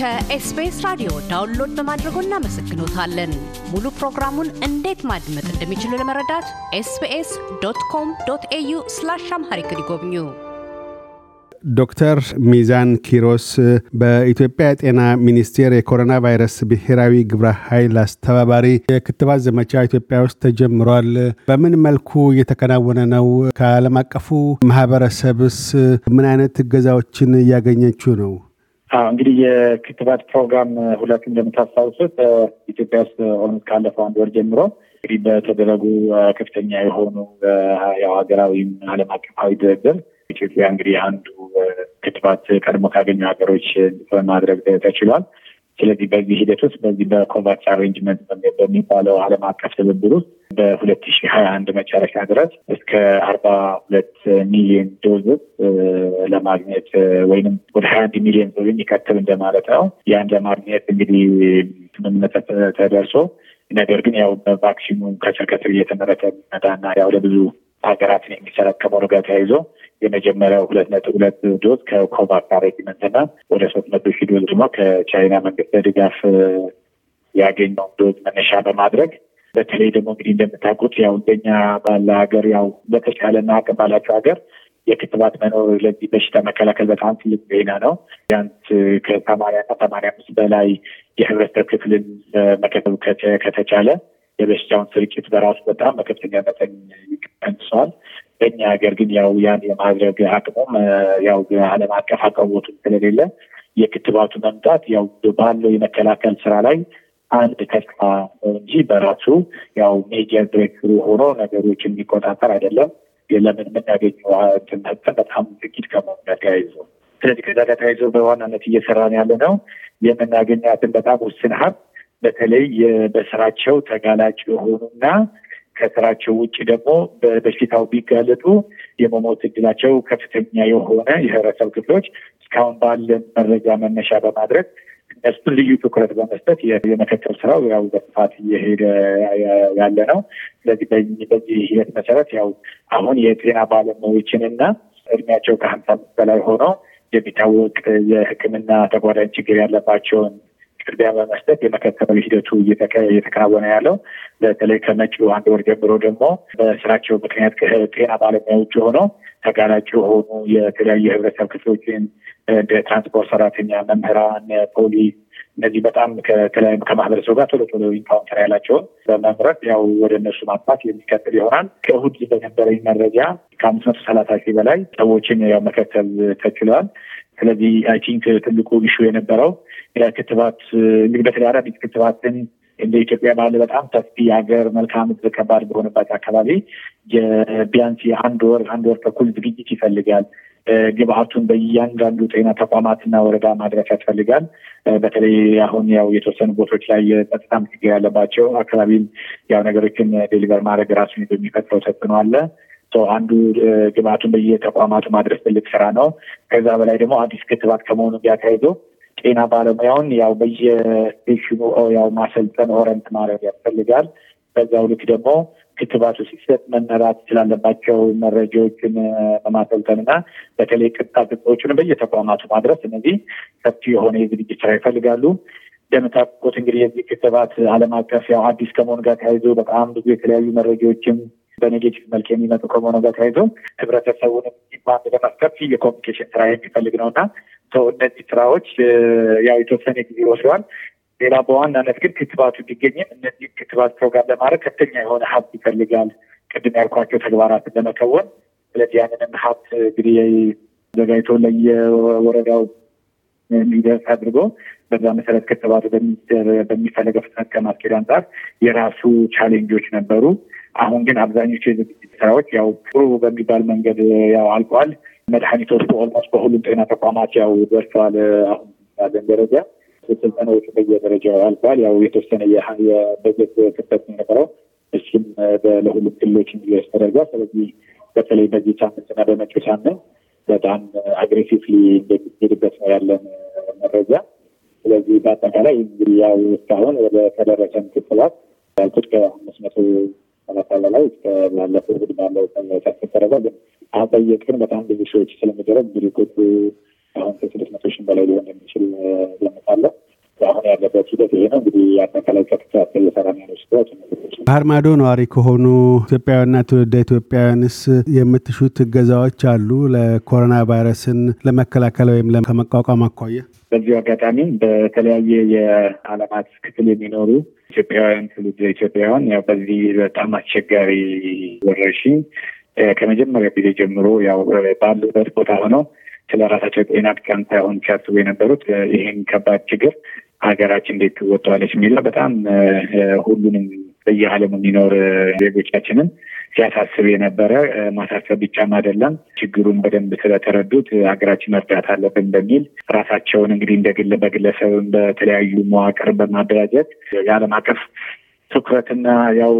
ከኤስቢኤስ ራዲዮ ዳውንሎድ በማድረጎ እናመሰግኖታለን። ሙሉ ፕሮግራሙን እንዴት ማድመጥ እንደሚችሉ ለመረዳት ኤስቢኤስ ዶት ኮም ዶት ኤዩ ስላሽ አምሃሪክ ይጎብኙ። ዶክተር ሚዛን ኪሮስ በኢትዮጵያ ጤና ሚኒስቴር የኮሮና ቫይረስ ብሔራዊ ግብረ ኃይል አስተባባሪ፣ የክትባት ዘመቻ ኢትዮጵያ ውስጥ ተጀምሯል። በምን መልኩ እየተከናወነ ነው? ከዓለም አቀፉ ማህበረሰብስ ምን አይነት እገዛዎችን እያገኘችው ነው? እንግዲህ የክትባት ፕሮግራም ሁለት እንደምታስታውሱት ኢትዮጵያ ውስጥ ኦልሞስት ካለፈው አንድ ወር ጀምሮ እንግዲህ በተደረጉ ከፍተኛ የሆኑ ያው ሀገራዊም ዓለም አቀፋዊ ድርድር ኢትዮጵያ እንግዲህ አንዱ ክትባት ቀድሞ ካገኙ ሀገሮች ማድረግ ተችሏል። ስለዚህ በዚህ ሂደት ውስጥ በዚህ በኮንቨርስ አሬንጅመንት በሚባለው ዓለም አቀፍ ትብብር ውስጥ በሁለት ሺ ሀያ አንድ መጨረሻ ድረስ እስከ አርባ ሁለት ሚሊዮን ዶዝስ ለማግኘት ወይም ወደ ሀያ አንድ ሚሊዮን ዶዝ ይከትል እንደማለት ነው። ያን ለማግኘት እንግዲህ ስምምነት ተደርሶ ነገር ግን ያው በቫክሲኑ ከስር ከስር እየተመረተ የሚመጣና ያው ለብዙ ሀገራትን የሚሰረከመው ጋር ተያይዞ የመጀመሪያው ሁለት ነጥብ ሁለት ዶዝ ከኮቫክስ ሬጅመንትና ወደ ሶስት መቶ ሺህ ዶዝ ደግሞ ከቻይና መንግስት በድጋፍ ያገኘውን ዶዝ መነሻ በማድረግ በተለይ ደግሞ እንግዲህ እንደምታውቁት ያው እንደኛ ባለ ሀገር ያው በተቻለና አቅም ባላቸው ሀገር የክትባት መኖር ለዚህ በሽታ መከላከል በጣም ትልቅ ዜና ነው። ቢያንስ ከሰማንያና ሰማንያ አምስት በላይ የህብረተሰብ ክፍልን መከተብ ከተቻለ የበሽታውን ስርጭት በራሱ በጣም በከፍተኛ መጠን ቀንሷል። በእኛ ሀገር ግን ያው ያን የማድረግ አቅሙም ያው ዓለም አቀፍ አቅርቦቱም ስለሌለ የክትባቱ መምጣት ያው ባለው የመከላከል ስራ ላይ አንድ ተስፋ ነው እንጂ በራሱ ያው ሜጀር ብሬክሩ ሆኖ ነገሮች የሚቆጣጠር አይደለም። ለምን የምናገኘው እንትን በጣም ጥቂት ከመሆኑ ጋር ተያይዞ ስለዚህ ከዛ ጋር ተያይዞ በዋናነት እየሰራን ያለ ነው የምናገኛትን በጣም ውስን ሀብት በተለይ በስራቸው ተጋላጭ የሆኑና ከስራቸው ውጭ ደግሞ በበሽታው ቢጋለጡ የመሞት እድላቸው ከፍተኛ የሆነ የህብረተሰብ ክፍሎች እስካሁን ባለን መረጃ መነሻ በማድረግ እነሱን ልዩ ትኩረት በመስጠት የመከተል ስራው ያው በስፋት እየሄደ ያለ ነው። ስለዚህ በዚህ ሂደት መሰረት ያው አሁን የጤና ባለሙያዎችን እና እድሜያቸው ከሀምሳ አምስት በላይ ሆነው የሚታወቅ የሕክምና ተጓዳኝ ችግር ያለባቸውን ቅድሚያ በመስጠት የመከተበው ሂደቱ እየተከናወነ ያለው በተለይ ከመጪው አንድ ወር ጀምሮ ደግሞ በስራቸው ምክንያት ጤና ባለሙያዎች የሆነው ተጋላጭ የሆኑ የተለያዩ የህብረተሰብ ክፍሎችን እንደ ትራንስፖርት ሰራተኛ፣ መምህራን፣ ፖሊስ እነዚህ በጣም ከተለያዩ ከማህበረሰቡ ጋር ቶሎ ቶሎ ኢንካውንተር ያላቸውን በመምረጥ ያው ወደ እነሱ ማጥፋት የሚቀጥል ይሆናል። ከእሁድ በነበረኝ መረጃ ከአምስት መቶ ሰላሳ ሺህ በላይ ሰዎችን ያው መከተል ተችሏል። ስለዚህ አይ ቲንክ ትልቁ ኢሹ የነበረው ክትባት እንግዲህ በተለይ አዳዲስ ክትባትን እንደ ኢትዮጵያ ባለ በጣም ሰፊ ሀገር መልክዓ ምድር ከባድ በሆነባት አካባቢ ቢያንስ የአንድ ወር አንድ ወር ተኩል ዝግጅት ይፈልጋል። ግብአቱን በእያንዳንዱ ጤና ተቋማትና ወረዳ ማድረስ ያስፈልጋል። በተለይ አሁን ያው የተወሰኑ ቦታዎች ላይ የጸጥታ ችግር ያለባቸው አካባቢም ያው ነገሮችን ዴሊቨር ማድረግ ራሱን የሚፈጥረው ተጽዕኖ አለ። ሰው አንዱ ግብአቱን በየተቋማቱ ማድረስ ትልቅ ስራ ነው። ከዛ በላይ ደግሞ አዲስ ክትባት ከመሆኑ ጋር ተያይዞ ጤና ባለሙያውን ያው በየስቴሽኑ ያው ማሰልጠን ኦረንት ማድረግ ያስፈልጋል። በዛው ልክ ደግሞ ክትባቱ ሲሰጥ መመራት ስላለባቸው መረጃዎችን በማሰልጠን በማሰልጠንና በተለይ ቅጣ ቅጦችን በየተቋማቱ ማድረስ እነዚህ ሰፊ የሆነ የዝግጅት ስራ ይፈልጋሉ። እንደምታውቁት እንግዲህ የዚህ ክትባት ዓለም አቀፍ ያው አዲስ ከመሆኑ ጋር ተያይዞ በጣም ብዙ የተለያዩ መረጃዎችም በኔጌቲቭ መልክ የሚመጡ ከመሆኑ ጋር ተያይዞ ህብረተሰቡንም ዲማንድ ለማስከፍ የኮሚኒኬሽን ስራ የሚፈልግ ነው እና ሰው እነዚህ ስራዎች ያው የተወሰነ ጊዜ ወስደዋል። ሌላ በዋናነት ግን ክትባቱ ቢገኝም እነዚህ ክትባት ፕሮግራም ለማድረግ ከፍተኛ የሆነ ሀብት ይፈልጋል ቅድም ያልኳቸው ተግባራትን ለመከወን። ስለዚህ ያንንም ሀብት እንግዲህ ዘጋጅቶ ለየወረዳው እንዲደርስ አድርጎ በዛ መሰረት ክትባቱ በሚፈለገ ፍጥነት ከማስኬድ አንጻር የራሱ ቻሌንጆች ነበሩ። አሁን ግን አብዛኞቹ የዝግጅት ስራዎች ያው ጥሩ በሚባል መንገድ ያው አልቋል። መድኃኒት ወስዶ ኦልሞስት በሁሉም ጤና ተቋማት ያው ደርሰዋል። አሁን ያለን ደረጃ ስልጠናዎቹ በየደረጃው አልቋል። ያው የተወሰነ የበጀት ክፍተት ነው የነበረው። እሱም ለሁሉም ክልሎች እንዲደርስ ተደርጓል። ስለዚህ በተለይ በዚህ ሳምንት ሳምንትና በመጪው ሳምንት በጣም አግሬሲቭሊ እንደሚሄድበት ነው ያለን መረጃ። ስለዚህ በአጠቃላይ እንግዲህ ያው እስካሁን ወደ ተደረሰን ክትባት ያልኩት ከአምስት መቶ ሰላሳ በላይ ባለፈው እሑድ ባለው ተደረገ። ግን አጠየቅን በጣም ብዙ ሺዎች ስለሚደረግ ብዙ አሁን ከስድስት መቶ ሺህ በላይ ሊሆን የሚችል ገምታለሁ። አሁን ያለበት ሂደት ይሄ ነው። እንግዲህ አጠቃላይ ከክትባት እየሰራ ነው ያለው ባህር ማዶ ነዋሪ ከሆኑ ኢትዮጵያውያንና ትውልደ ኢትዮጵያውያንስ የምትሹት እገዛዎች አሉ? ለኮሮና ቫይረስን ለመከላከል ወይም ከመቋቋም አኳያ በዚሁ አጋጣሚ በተለያየ የዓለማት ክፍል የሚኖሩ ኢትዮጵያውያን ትውልደ ኢትዮጵያውያን ያው በዚህ በጣም አስቸጋሪ ወረርሽኝ ከመጀመሪያ ጊዜ ጀምሮ ያው ባሉበት ቦታ ሆነው ስለ ራሳቸው ጤና ብቻም ሳይሆን ሲያስቡ የነበሩት ይህን ከባድ ችግር ሀገራችን እንዴት ትወጣዋለች የሚለው በጣም ሁሉንም በየዓለም የሚኖር ዜጎቻችንን ሲያሳስብ የነበረ ማሳሰብ ብቻም አይደለም፣ ችግሩን በደንብ ስለተረዱት ሀገራችን መርዳት አለብን በሚል ራሳቸውን እንግዲህ እንደግለ በግለሰብን በተለያዩ መዋቅር በማደራጀት የዓለም አቀፍ ትኩረትና ያው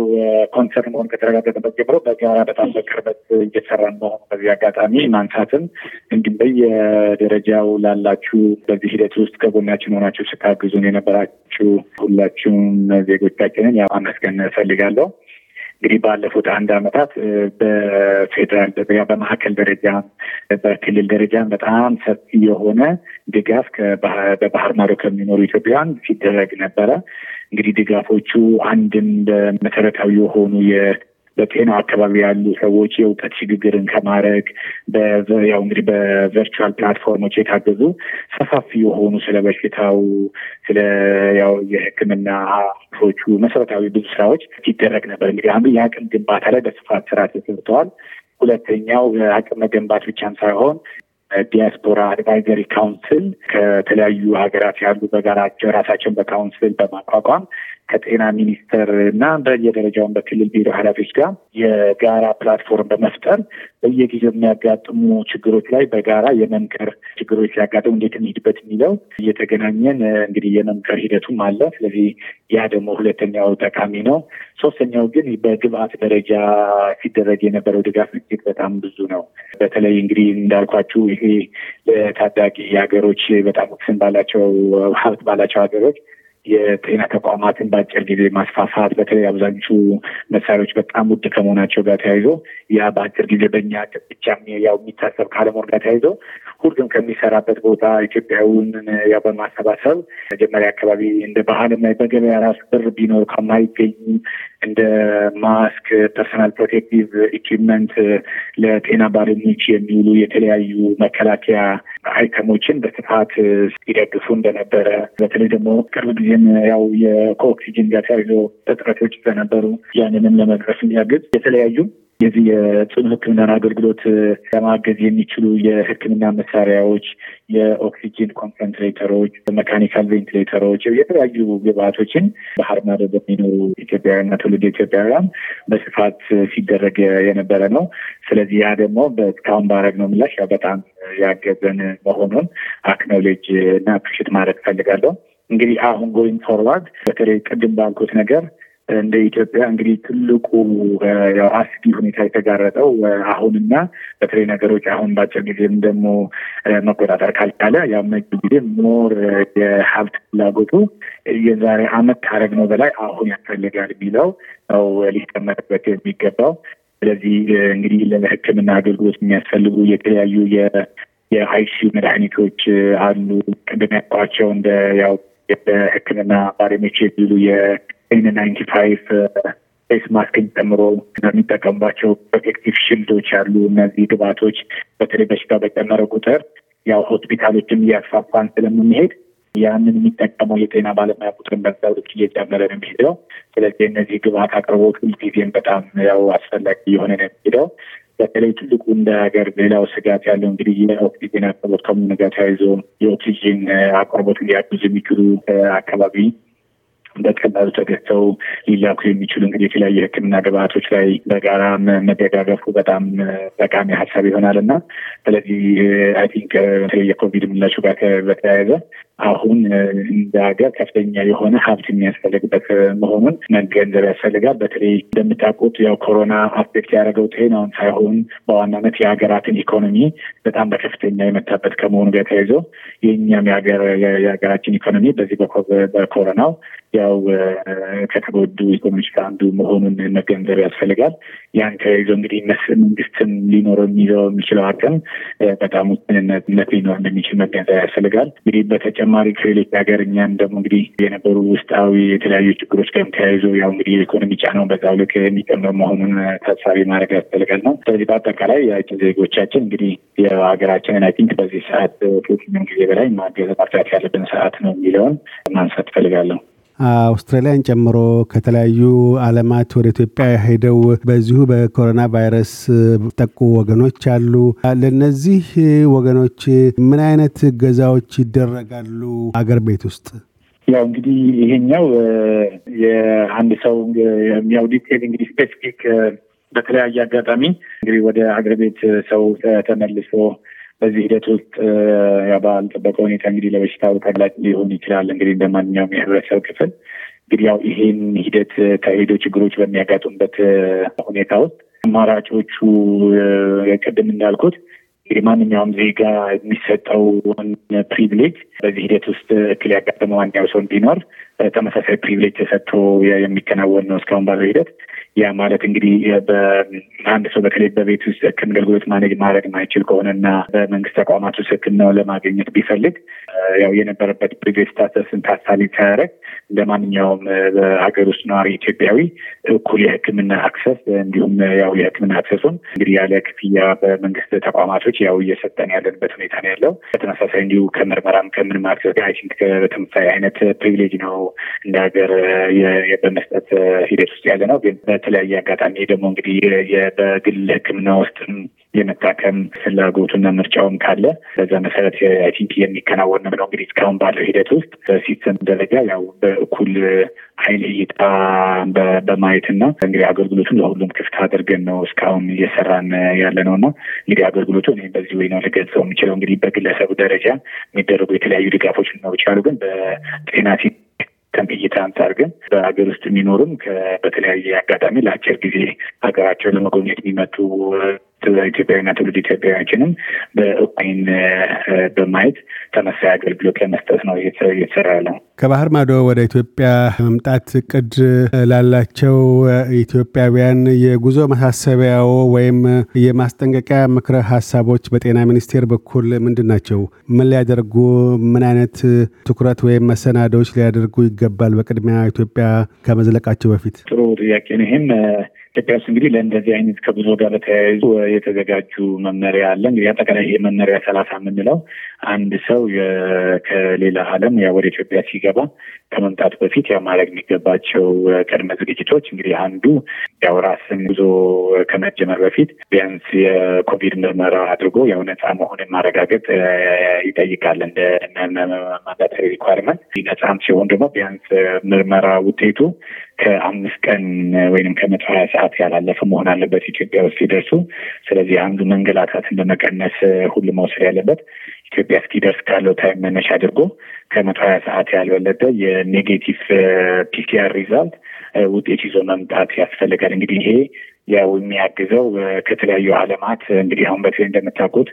ኮንሰርን መሆን ከተረጋገጠበት ጀምሮ በጋራ በጣም በቅርበት እየተሰራን መሆኑ በዚህ አጋጣሚ ማንሳትም እንዲሁም በየደረጃው ላላችሁ በዚህ ሂደት ውስጥ ከጎናችን ሆናችሁ ስታግዙን የነበራችሁ ሁላችሁም ዜጎቻችንን ያው አመስገን እፈልጋለሁ። እንግዲህ ባለፉት አንድ ዓመታት በፌዴራል ደረጃ በማዕከል ደረጃ በክልል ደረጃ በጣም ሰፊ የሆነ ድጋፍ በባህር ማዶ ከሚኖሩ ኢትዮጵያውያን ሲደረግ ነበረ። እንግዲህ ድጋፎቹ አንድም በመሰረታዊ የሆኑ በጤና አካባቢ ያሉ ሰዎች የእውቀት ሽግግርን ከማድረግ ያው እንግዲህ በቨርቹዋል ፕላትፎርሞች የታገዙ ሰፋፊ የሆኑ ስለ በሽታው ስለ ያው የሕክምና ሶቹ መሰረታዊ ብዙ ስራዎች ሲደረግ ነበር። እንግዲህ አንዱ የአቅም ግንባታ ላይ በስፋት ስራ ተሰርተዋል። ሁለተኛው አቅም መገንባት ብቻም ሳይሆን ዲያስፖራ አድቫይዘሪ ካውንስል ከተለያዩ ሀገራት ያሉ በጋራ ራሳቸውን በካውንስል በማቋቋም ከጤና ሚኒስቴር እና በየደረጃውን በክልል ቢሮ ኃላፊዎች ጋር የጋራ ፕላትፎርም በመፍጠር በየጊዜው የሚያጋጥሙ ችግሮች ላይ በጋራ የመምከር ችግሮች ሲያጋጥሙ እንዴት እንሂድበት የሚለው እየተገናኘን እንግዲህ የመምከር ሂደቱም አለ። ስለዚህ ያ ደግሞ ሁለተኛው ጠቃሚ ነው። ሶስተኛው ግን በግብአት ደረጃ ሲደረግ የነበረው ድጋፍ እጅግ በጣም ብዙ ነው። በተለይ እንግዲህ እንዳልኳችሁ ይሄ ለታዳጊ ሀገሮች በጣም ውስን ባላቸው ሀብት ባላቸው ሀገሮች የጤና ተቋማትን በአጭር ጊዜ ማስፋፋት በተለይ አብዛኞቹ መሳሪያዎች በጣም ውድ ከመሆናቸው ጋር ተያይዞ ያ በአጭር ጊዜ በእኛ ብቻ ያው የሚታሰብ ካለመሆን ጋር ተያይዞ ሁሉም ከሚሰራበት ቦታ ኢትዮጵያውን ያው በማሰባሰብ መጀመሪያ አካባቢ እንደ ባህልም ላይ በገበያ ራስ ብር ቢኖር ከማይገኝ እንደ ማስክ፣ ፐርሰናል ፕሮቴክቲቭ ኢኩዊፕመንት ለጤና ባለሙያዎች የሚውሉ የተለያዩ መከላከያ ሀይከሞችን በስፋት ሲደግፉ እንደነበረ በተለይ ደግሞ ቅርብ ጊዜም ያው የኮኦክሲጂን ጋር ተያይዞ እጥረቶች እንደነበሩ ያንንም ለመድረስ እንዲያግዝ የተለያዩ የዚህ የጽኑ ሕክምናን አገልግሎት ለማገዝ የሚችሉ የሕክምና መሳሪያዎች፣ የኦክሲጂን ኮንሰንትሬተሮች፣ መካኒካል ቬንትሌተሮች፣ የተለያዩ ግብአቶችን ባህር ማዶ በሚኖሩ ኢትዮጵያውያንና ትውልድ ኢትዮጵያውያን በስፋት ሲደረግ የነበረ ነው። ስለዚህ ያ ደግሞ እስካሁን ባረግ ነው ምላሽ ያው በጣም ያገዘን መሆኑን አክኖሌጅ እና ፕሽት ማድረግ ፈልጋለሁ። እንግዲህ አሁን ጎይንግ ፎርዋርድ በተለይ ቅድም ባልኩት ነገር እንደ ኢትዮጵያ እንግዲህ ትልቁ አስጊ ሁኔታ የተጋረጠው አሁንና በተለይ ነገሮች አሁን በአጭር ጊዜም ደግሞ መቆጣጠር ካልቻለ ያመጭ ጊዜ ሞር የሀብት ፍላጎቱ የዛሬ አመት ካረግ ነው በላይ አሁን ያስፈልጋል የሚለው ነው ሊቀመጥበት የሚገባው። ስለዚህ እንግዲህ ለሕክምና አገልግሎት የሚያስፈልጉ የተለያዩ የአይሲዩ መድኃኒቶች አሉ። ቅድም ያልኳቸው እንደ ያው የሕክምና ባለሙያዎች የሚሉ እነ ናይንቲ ፋይቭ ፌስ uh, ማስክን ጨምሮ የሚጠቀሙባቸው ፕሮቴክቲቭ ሽልዶች አሉ። እነዚህ ግብዓቶች በተለይ በሽታ በጨመረ ቁጥር ያው ሆስፒታሎችም እያስፋፋን ስለምንሄድ ያንን የሚጠቀመው የጤና ባለሙያ ቁጥርን በዛ ልክ እየጨመረ ነው የሚሄደው። ስለዚህ እነዚህ ግብዓት አቅርቦት ሁልጊዜም በጣም ያው አስፈላጊ የሆነ ነው የሚሄደው። በተለይ ትልቁ እንደ ሀገር ሌላው ስጋት ያለው እንግዲህ የኦክሲጂን አቅርቦት ከመሆኑ ጋር ተያይዞ የኦክሲጂን uh, አቅርቦት ሊያግዙ የሚችሉ uh, አካባቢ በቀላሉ ተገዝተው ሊላኩ የሚችሉ እንግዲህ የተለያዩ የሕክምና ግብአቶች ላይ በጋራ መደጋገፉ በጣም ጠቃሚ ሀሳብ ይሆናል እና ስለዚህ አይ ቲንክ በተለይ የኮቪድ ምላሹ ጋር በተያያዘ አሁን እንደ ሀገር ከፍተኛ የሆነ ሀብት የሚያስፈልግበት መሆኑን መገንዘብ ያስፈልጋል። በተለይ እንደምታውቁት ያው ኮሮና አፌክት ያደረገው ጤናውን ሳይሆን በዋናነት የሀገራትን ኢኮኖሚ በጣም በከፍተኛ የመታበት ከመሆኑ ጋር ተያይዞ የእኛም የሀገራችን ኢኮኖሚ በዚህ በኮሮናው ያው ከተጎዱ ኢኮኖሚዎች አንዱ መሆኑን መገንዘብ ያስፈልጋል። ያን ተያይዞ እንግዲህ መንግስትም ሊኖረው የሚዘው የሚችለው አቅም በጣም ውስንነት ሊኖር እንደሚችል መገንዘብ ያስፈልጋል። እንግዲህ በተጨ ተጨማሪ ክሬዲት ሀገር እኛም ደግሞ እንግዲህ የነበሩ ውስጣዊ የተለያዩ ችግሮች ጋርም ተያይዞ ያው እንግዲህ የኢኮኖሚ ጫናው በዛው ልክ የሚጨምር መሆኑን ታሳቢ ማድረግ ያስፈልጋል ነው። ስለዚህ በአጠቃላይ የአጭን ዜጎቻችን እንግዲህ የሀገራችንን አይ ቲንክ በዚህ ሰዓት ከየትኛውም ጊዜ በላይ ማገዘ መርዳት ያለብን ሰዓት ነው የሚለውን ማንሳት እፈልጋለሁ። አውስትራሊያን ጨምሮ ከተለያዩ አለማት ወደ ኢትዮጵያ ሄደው በዚሁ በኮሮና ቫይረስ ጠቁ ወገኖች አሉ። ለነዚህ ወገኖች ምን አይነት እገዛዎች ይደረጋሉ አገር ቤት ውስጥ? ያው እንግዲህ ይሄኛው የአንድ ሰው የሚያው ዲቴል እንግዲህ ስፔሲፊክ በተለያየ አጋጣሚ እንግዲህ ወደ አገር ቤት ሰው ተመልሶ በዚህ ሂደት ውስጥ ባልጠበቀ ሁኔታ እንግዲህ ለበሽታው ተጋላጭ ሊሆን ይችላል። እንግዲህ እንደ ማንኛውም የህብረተሰብ ክፍል እንግዲህ ያው ይህን ሂደት ከሄዶ ችግሮች በሚያጋጥሙበት ሁኔታ ውስጥ አማራጮቹ ቅድም እንዳልኩት እንግዲህ ማንኛውም ዜጋ የሚሰጠውን ፕሪቪሌጅ በዚህ ሂደት ውስጥ እክል ያጋጠመው ማንኛው ሰው ቢኖር ተመሳሳይ ፕሪቪሌጅ ተሰጥቶ የሚከናወን ነው እስካሁን ባለው ሂደት ያ ማለት እንግዲህ አንድ ሰው በተለይ በቤት ውስጥ ህክም አገልግሎት ማነጅ ማድረግ ከሆነ ከሆነና በመንግስት ተቋማት ውስጥ ህክምናው ለማግኘት ቢፈልግ ያው የነበረበት ፕሪቪየስ ስታተስን ታሳቢ ሳያደርግ እንደ ማንኛውም በሀገር ውስጥ ነዋሪ ኢትዮጵያዊ እኩል የህክምና አክሰስ እንዲሁም ያው የህክምና አክሰሱን እንግዲህ ያለ ክፍያ በመንግስት ተቋማቶች ያው እየሰጠን ያለንበት ሁኔታ ነው ያለው። በተመሳሳይ እንዲሁ ከምርመራም ከምን አክሰስ አይ ቲንክ በተመሳሳይ አይነት ፕሪቪሌጅ ነው እንደ ሀገር በመስጠት ሂደት ውስጥ ያለ ነው ግን በተለያየ አጋጣሚ ደግሞ እንግዲህ በግል ሕክምና ውስጥም የመታከም ፍላጎቱና ምርጫውም ካለ በዛ መሰረት አይ ቲንክ የሚከናወን ነው። እንግዲህ እስካሁን ባለው ሂደት ውስጥ በሲስተም ደረጃ ያው በእኩል አይን እይታ በማየትና እንግዲህ አገልግሎቱን ለሁሉም ክፍት አድርገን ነው እስካሁን እየሰራን ያለ ነው እና እንግዲህ አገልግሎቱ እኔም በዚህ ወይ ነው ልገልጸው የሚችለው። እንግዲህ በግለሰቡ ደረጃ የሚደረጉ የተለያዩ ድጋፎች ሊኖሩ ይችላሉ። ግን በጤና እይታ አንጻር ግን በሀገር ውስጥ የሚኖርም በተለያየ አጋጣሚ ለአጭር ጊዜ ሀገራቸውን ለመጎብኘት የሚመጡ ትውልደ ኢትዮጵያዊና ትውልድ ኢትዮጵያዊያችንም በእኩይን በማየት ተመሳሳይ አገልግሎት ለመስጠት ነው እየተሰራ ያለው። ከባህር ማዶ ወደ ኢትዮጵያ መምጣት እቅድ ላላቸው ኢትዮጵያውያን የጉዞ ማሳሰቢያው ወይም የማስጠንቀቂያ ምክረ ሀሳቦች በጤና ሚኒስቴር በኩል ምንድን ናቸው? ምን ሊያደርጉ ምን አይነት ትኩረት ወይም መሰናዶዎች ሊያደርጉ ይገባል? በቅድሚያ ኢትዮጵያ ከመዝለቃቸው በፊት ጥሩ ጥያቄ ነው። ይህም ኢትዮጵያ ውስጥ እንግዲህ ለእንደዚህ አይነት ከጉዞ ጋር በተያያዙ የተዘጋጁ መመሪያ አለ። እንግዲህ አጠቃላይ ይህ መመሪያ ሰላሳ የምንለው አንድ ሰው ከሌላ ዓለም ያ ወደ ኢትዮጵያ ሲገባ ከመምጣቱ በፊት ያ ማድረግ የሚገባቸው ቅድመ ዝግጅቶች እንግዲህ አንዱ ያው ራስን ጉዞ ከመጀመር በፊት ቢያንስ የኮቪድ ምርመራ አድርጎ ያው ነፃ መሆንን ማረጋገጥ ይጠይቃል። እንደ ሪኳርመንት ነፃም ሲሆን ደግሞ ቢያንስ ምርመራ ውጤቱ ከአምስት ቀን ወይም ከመቶ ሀያ ሰዓት ያላለፈ መሆን አለበት ኢትዮጵያ ውስጥ ሲደርሱ። ስለዚህ አንዱ መንገላታትን ለመቀነስ ሁሉ መውሰድ ያለበት ኢትዮጵያ እስኪደርስ ካለው ታይም መነሻ አድርጎ ከመቶ ሀያ ሰዓት ያልበለጠ የኔጌቲቭ ፒሲአር ሪዛልት ውጤት ይዞ መምጣት ያስፈልጋል። እንግዲህ ይሄ ያው የሚያግዘው ከተለያዩ ዓለማት እንግዲህ አሁን በፊት እንደምታውቁት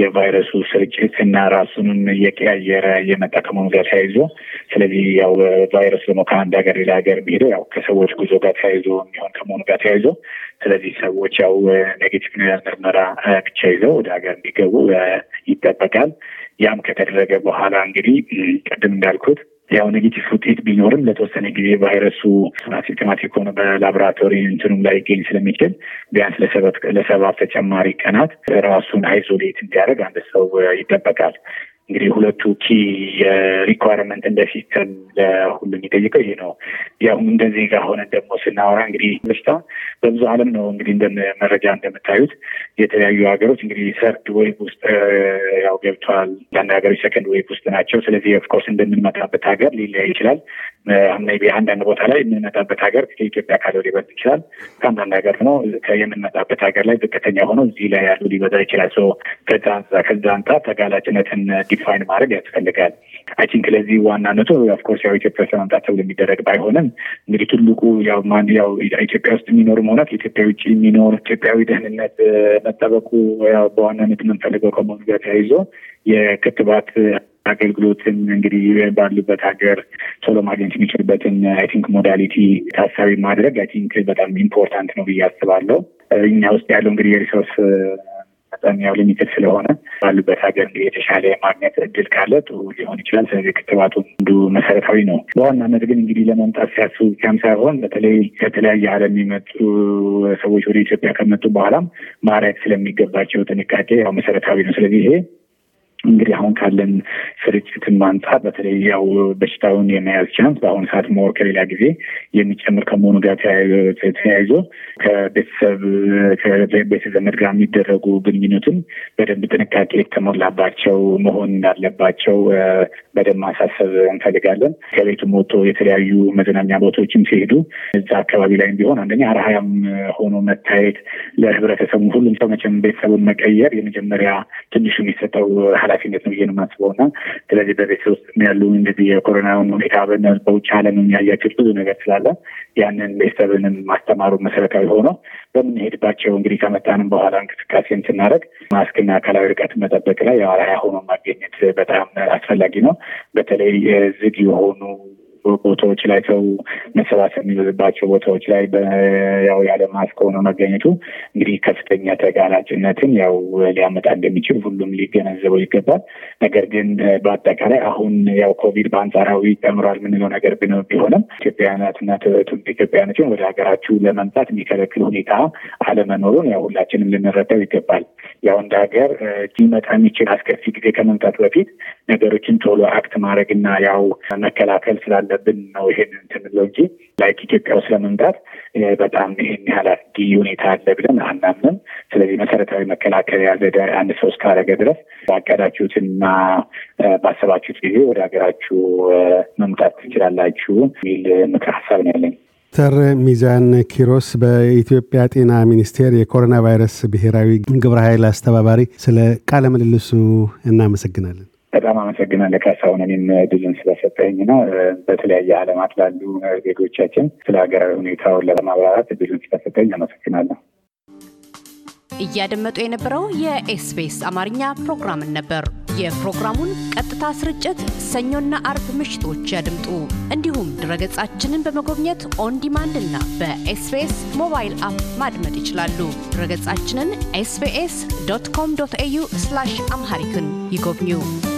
የቫይረሱ ስርጭት እና ራሱንም እየቀያየረ የመጣ ከመሆኑ ጋር ተያይዞ ስለዚህ ያው ቫይረሱ ደግሞ ከአንድ ሀገር ሌላ ሀገር የሚሄደው ያው ከሰዎች ጉዞ ጋር ተያይዞ የሚሆን ከመሆኑ ጋር ተያይዞ ስለዚህ ሰዎች ያው ኔጌቲቭ ምርመራ ብቻ ይዘው ወደ ሀገር እንዲገቡ ይጠበቃል። ያም ከተደረገ በኋላ እንግዲህ ቅድም እንዳልኩት ያው ኔጌቲቭ ውጤት ቢኖርም ለተወሰነ ጊዜ ቫይረሱ ሲምፕቶማቲክ ሆነ በላቦራቶሪ እንትኑም ላይ ይገኝ ስለሚችል ቢያንስ ለሰባት ተጨማሪ ቀናት ራሱን አይዞሌት እንዲያደርግ አንድ ሰው ይጠበቃል። እንግዲህ ሁለቱ ኪ የሪኳርመንት እንደ ሲስተም ለሁሉም የሚጠይቀው ይሄ ነው። ያሁም እንደዚህ ጋር ሆነን ደግሞ ስናወራ እንግዲህ በሽታ በብዙ ዓለም ነው እንግዲህ መረጃ እንደምታዩት የተለያዩ ሀገሮች እንግዲህ ሰርድ ዌብ ውስጥ ያው ገብተዋል። አንዳንድ ሀገሮች ሰከንድ ዌብ ውስጥ ናቸው። ስለዚህ ኦፍኮርስ እንደምንመጣበት ሀገር ሊለያ ይችላል። ቢ አንዳንድ ቦታ ላይ የምንመጣበት ሀገር ከኢትዮጵያ ካለው ሊበልጥ ይችላል። ከአንዳንድ ሀገር ነው የምንመጣበት ሀገር ላይ ዝቅተኛ ሆኖ እዚህ ላይ ያሉ ሊበዛ ይችላል። ከዛ ከዛ አንጻ ተጋላጭነትን ዲፋይን ማድረግ ያስፈልጋል። አይ ቲንክ ለዚህ ዋናነቱ ኦፍኮርስ ያው ኢትዮጵያ ውስጥ ለመምጣት ተብሎ የሚደረግ ባይሆንም እንግዲህ ትልቁ ያው ማን ያው ኢትዮጵያ ውስጥ የሚኖሩ መሆናት ኢትዮጵያ ውጭ የሚኖር ኢትዮጵያዊ ደህንነት መጠበቁ ያው በዋናነት የምንፈልገው ከመሆኑ ጋር ተያይዞ የክትባት አገልግሎትን እንግዲህ ባሉበት ሀገር ቶሎ ማግኘት የሚችልበትን አይ ቲንክ ሞዳሊቲ ታሳቢ ማድረግ አይ ቲንክ በጣም ኢምፖርታንት ነው ብዬ አስባለሁ። እኛ ውስጥ ያለው እንግዲህ የሪሶርስ መጠን ያው ሊሚትድ ስለሆነ ባሉበት ሀገር እንግዲህ የተሻለ ማግኘት እድል ካለ ጥሩ ሊሆን ይችላል። ስለዚህ ክትባቱ አንዱ መሰረታዊ ነው። በዋናነት ግን እንግዲህ ለመምጣት ሲያሱ ብቻም ሳይሆን በተለይ ከተለያየ ዓለም የመጡ ሰዎች ወደ ኢትዮጵያ ከመጡ በኋላም ማድረግ ስለሚገባቸው ጥንቃቄ ያው መሰረታዊ ነው። ስለዚህ ይሄ እንግዲህ አሁን ካለን ስርጭትን ማንጻት በተለይ ያው በሽታውን የመያዝ ቻንስ በአሁኑ ሰዓት ሞር ከሌላ ጊዜ የሚጨምር ከመሆኑ ጋር ተያይዞ ከቤተሰብ ጋር የሚደረጉ ግንኙነትን በደንብ ጥንቃቄ የተሞላባቸው መሆን እንዳለባቸው በደንብ ማሳሰብ እንፈልጋለን። ከቤቱ ወጥቶ የተለያዩ መዝናኛ ቦታዎችም ሲሄዱ እዛ አካባቢ ላይ ቢሆን አንደኛ አርአያም ሆኖ መታየት ለህብረተሰቡ ሁሉም ሰው መቼም ቤተሰቡን መቀየር የመጀመሪያ ትንሹ የሚሰጠው ኃላፊነት ነው ብዬ ነው የማስበው እና ስለዚህ በቤት ውስጥ ያሉ እንደዚህ የኮሮናውን ሁኔታ በውጭ ዓለም የሚያያቸው ብዙ ነገር ስላለ ያንን ቤተሰብንም ማስተማሩ መሰረታዊ ሆኖ በምንሄድባቸው እንግዲህ ከመጣንም በኋላ እንቅስቃሴን ስናደርግ ማስክና አካላዊ ርቀት መጠበቅ ላይ የዋላ ሆኖ ማገኘት በጣም አስፈላጊ ነው። በተለይ ዝግ የሆኑ ቦታዎች ላይ ሰው መሰባሰብ የሚበዝባቸው ቦታዎች ላይ ያው ያለ ማስክ ሆኖ መገኘቱ እንግዲህ ከፍተኛ ተጋላጭነትን ያው ሊያመጣ እንደሚችል ሁሉም ሊገነዘበው ይገባል። ነገር ግን በአጠቃላይ አሁን ያው ኮቪድ በአንጻራዊ ጨምሯል የምንለው ነገር ቢሆንም ኢትዮጵያውያናትና ኢትዮጵያውያኖችን ወደ ሀገራችሁ ለመምጣት የሚከለክል ሁኔታ አለመኖሩን ያው ሁላችንም ልንረዳው ይገባል። ያው እንደ ሀገር ሊመጣ የሚችል አስከፊ ጊዜ ከመምጣት በፊት ነገሮችን ቶሎ አክት ማድረግ ማድረግና ያው መከላከል ስላለብን ነው ይሄን እንትን እንለው እንጂ ላይክ ኢትዮጵያ ውስጥ ለመምጣት በጣም ይሄን ያህል አስጊ ሁኔታ አለ ብለን አናምንም። ስለዚህ መሰረታዊ መከላከል ያዘደ አንድ ሰው እስካደረገ ድረስ ባቀዳችሁትና ባሰባችሁት ጊዜ ወደ ሀገራችሁ መምጣት ትችላላችሁ የሚል ምክር ሀሳብ ነው ያለኝ። ዶክተር ሚዛን ኪሮስ በኢትዮጵያ ጤና ሚኒስቴር የኮሮና ቫይረስ ብሔራዊ ግብረ ኃይል አስተባባሪ፣ ስለ ቃለ ምልልሱ እናመሰግናለን። በጣም አመሰግናለሁ ካሳሁን፣ እኔም ብዙን ስለሰጠኝ እና በተለያየ ዓለማት ላሉ ዜጎቻችን ስለ ሀገራዊ ሁኔታውን ለማብራራት ብዙን ስለሰጠኝ አመሰግናለሁ። እያደመጡ የነበረው የኤስቢኤስ አማርኛ ፕሮግራምን ነበር። የፕሮግራሙን ቀጥታ ስርጭት ሰኞና አርብ ምሽቶች ያድምጡ። እንዲሁም ድረገጻችንን በመጎብኘት ኦን ዲማንድ እና በኤስቢኤስ ሞባይል አፕ ማድመጥ ይችላሉ። ድረገጻችንን ኤስቢኤስ ዶት ኮም ዶት ኤዩ አምሃሪክን ይጎብኙ።